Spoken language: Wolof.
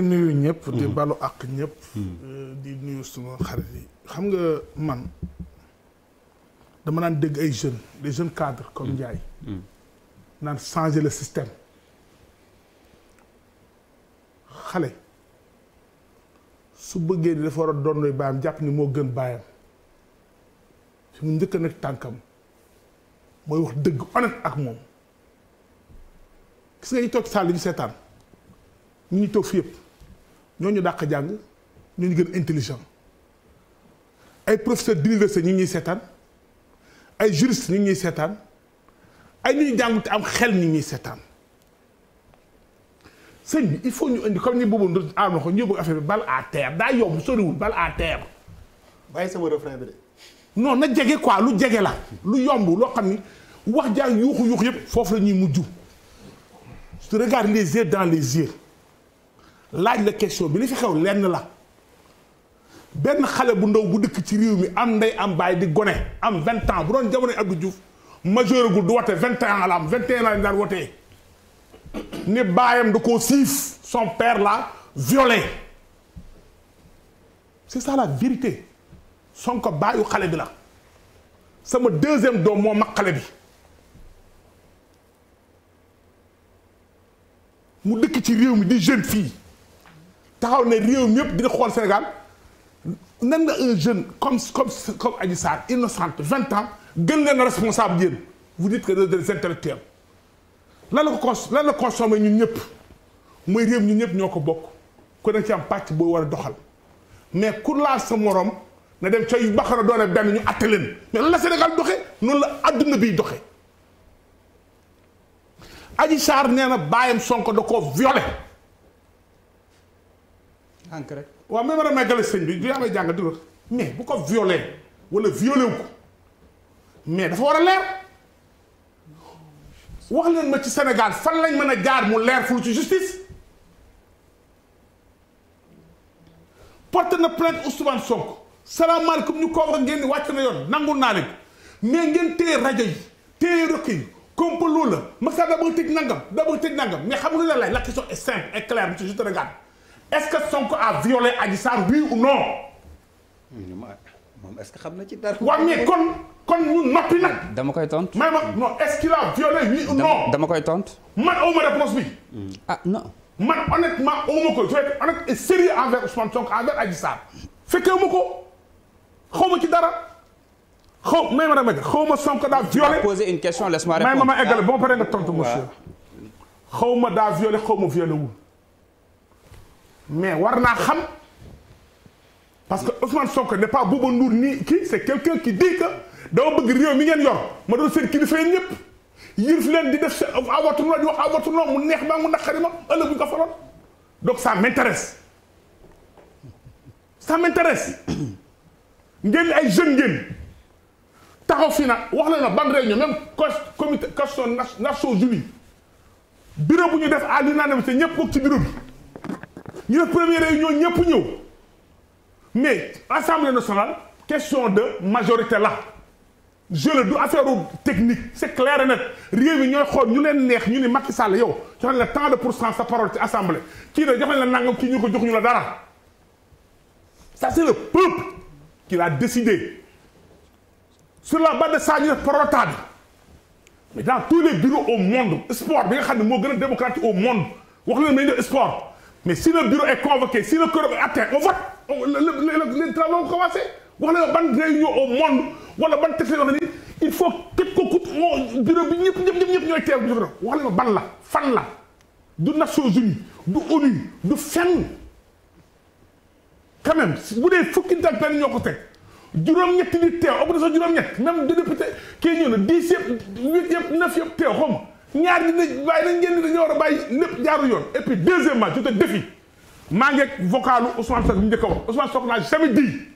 di nuyu ñëpp. di mm-hmm. balu àq ñëpp. Mm-hmm. Euh, di nuyu suma xarit yi xam nga man dama naan dégg ay jeunes des jeunes cadres comme mm-hmm. Ndiaye. naan changer le système xale su bëggee ni dafa war a doon luy baayam jàpp ni moo gën baayam fi mu njëkk a nekk tànkam mooy wax dëgg honnête ak moom gis nga ñu toog saal li ñu seetaan ñu ngi toog fi yëpp. ñooñu dàq jàng ñooñu gën intelligent ay professeur d'université ñu ñuy seetaan ay juriste ñu ñuy seetaan ay ñu ñu jàngut am xel ñu ñuy seetaan sëñ bi il faut ñu indi comme ñu boobu ndox aar ma ko ñu bëgg affaire bi bal à terre daa yomb soriwul bal à terre. bàyyi sama na jege quoi lu jege la lu yomb loo xam ni wax jàng yuuxu yuuxu yëpp foofu la ñuy mujj. tu regardes les yeux dans les yeux. laaj la question bi li fi xew lenn la benn xale bu ndaw bu dëkk ci réew mi am ndey am baay di gone am vingt ans bu doon jamono Abdou Diouf majeur gu du wote vingt ans la am vingt et un ans daan wotee ni baayam da koo siif son père la violé c'est ça la vérité Sonko baayu xale bi la sama deuxième doom moo mag xale bi mu dëkk ci réew mi di jeune fille taxaw ne réew mi yëpp dina xool Sénégal nan nga un jeune comme comme aji Adji Sarr innocente vingt ans gën leen responsable yéen vous dites que des intellectuels lan la ko lan ñu consommé ñun ñëpp mooy réew ñun ñëpp ñoo ko bokk ku nekk ci am pàcc boo war a doxal mais ku laal sa morom na dem ca yu baax na doone benn ñu atte leen mais lan la Sénégal doxe noonu la adduna biy doxe Adji Sarr nee na bàyyam Sonko da ko violé ànk rek waaw même war a may gale sëñ bi du yàlla jàngal di mais bu ko violé wala violé wu ko mais dafa war a leer wax leen ma ci Sénégal fan lañ mën a jaar mu leer ful ci justice porte na plainte Ousmane Sonko salaamaaleykum ñu koo wax ngeen ni wàcc na yoon nangul naa leen mais ngeen téye rajo yi téye rëkk yi complot la Macky Sall da bëgg tëj nangam da bëgg tëj nangam mais xam nga la lay la question est simple et claire monsieur je te est-ce que Sonko a violé Adji Sarr oui ou non. moom est que xam na ci dara. waaw kon kon ñu noppi nag. dama koy tontu ma a dama koy tontu. man awma réponse bi. Mm. ah non. man honnêtement awma ko je vais être honnête sérieux envers Ousmane Sonko envers Adji Sarr fekkee ma ko xaw ma ci dara. xaw ma dama egg xaw ma Sonko daa violé. poser une question laisse-moi répondre ah. ma ma eggale ba ma xaw ma daa violé xaw ma violé wul. mais war naa xam parce que Ousmane Sonko n'est pas Bouba Ndour nii kii c'est quelqu'un ki dit que dama bëgg réew mi ngeen yor ma doon seen kilifa yéen ñëpp yërif leen di def awatu noo di mu neex maa mu naqari ma ëllëg bu ñu ko faloon donc ça m'intéresse ça m'intéresse ngeen ay jeunes ngeen taxaw fi na wax la na ban réunion même comité question Nations Unies bureau bu ñu def à l'unanimité ñëpp kook ci bureau bi ñu def première réunion ñëpp ñëw mais assemblée nationale question de majorité la je le du affaire technique c'est clair et net réew mi ñooy xool ñu leen neex ñu ni Macky Sall yow jox la tant de pour cent sa parole ci assemblée kii na jox la nangam kii ñu ko jox ñu la dara ça c'est le peuple qui l'a décidé sur la base de ça ñu def prorata bi mais dans tous les bureaux au monde sport bi nga xam ne moo gën a démocratique au monde wax leen nañu def mais si le bureau est convoqué si le quorum est atteint on vote les travaux ont commencé wax la ban réunion au monde wala ban texte wax ne ni il faut képp ko kut bureau bi ñëpp ñëpp ñooy teew la fan la du Nations Unies du ONU du fenn bu dee fukki nit ak benn ko teg juróom-ñetti nit teew ëpp na sax juróom-ñett même de député kii na dix yëpp huit yëpp teew xaw ñaar ñi dañ waaye dañ ngeen ni dañoo war a bàyyi lépp yoon et puis deuxièmement je te défie maa ngeeg vocalu Ousmane Sonko bu njëkk a wax Ousmane naa jamais dit